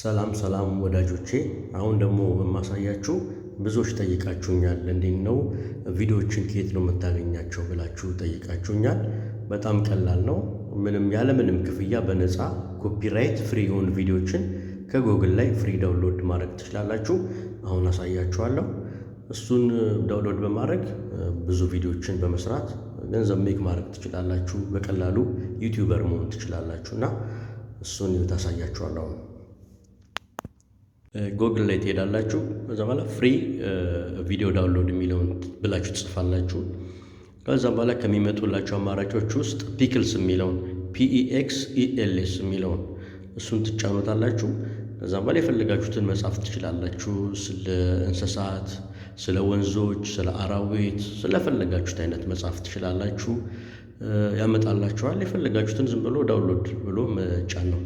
ሰላም ሰላም ወዳጆቼ፣ አሁን ደግሞ የማሳያችሁ ብዙዎች ጠይቃችሁኛል፣ እንዴት ነው ቪዲዮዎችን ከየት ነው የምታገኛቸው ብላችሁ ጠይቃችሁኛል። በጣም ቀላል ነው። ምንም ያለምንም ክፍያ በነፃ ኮፒራይት ፍሪ የሆኑ ቪዲዮዎችን ከጎግል ላይ ፍሪ ዳውንሎድ ማድረግ ትችላላችሁ። አሁን አሳያችኋለሁ። እሱን ዳውንሎድ በማድረግ ብዙ ቪዲዮዎችን በመስራት ገንዘብ ሜክ ማድረግ ትችላላችሁ። በቀላሉ ዩቲዩበር መሆን ትችላላችሁ እና እሱን ታሳያችኋለሁ። ጎግል ላይ ትሄዳላችሁ። ከዛ በኋላ ፍሪ ቪዲዮ ዳውንሎድ የሚለውን ብላችሁ ትጽፋላችሁ። ከዛም በኋላ ከሚመጡላቸው አማራጮች ውስጥ ፒክልስ የሚለውን ፒኢኤክስ ኢኤልኤስ የሚለውን እሱን ትጫኑታላችሁ። ከዛም በኋላ የፈለጋችሁትን መጻፍ ትችላላችሁ። ስለ እንስሳት፣ ስለ ወንዞች፣ ስለ አራዊት፣ ስለፈለጋችሁት አይነት መጻፍ ትችላላችሁ። ያመጣላችኋል። የፈለጋችሁትን ዝም ብሎ ዳውንሎድ ብሎ መጫን ነው።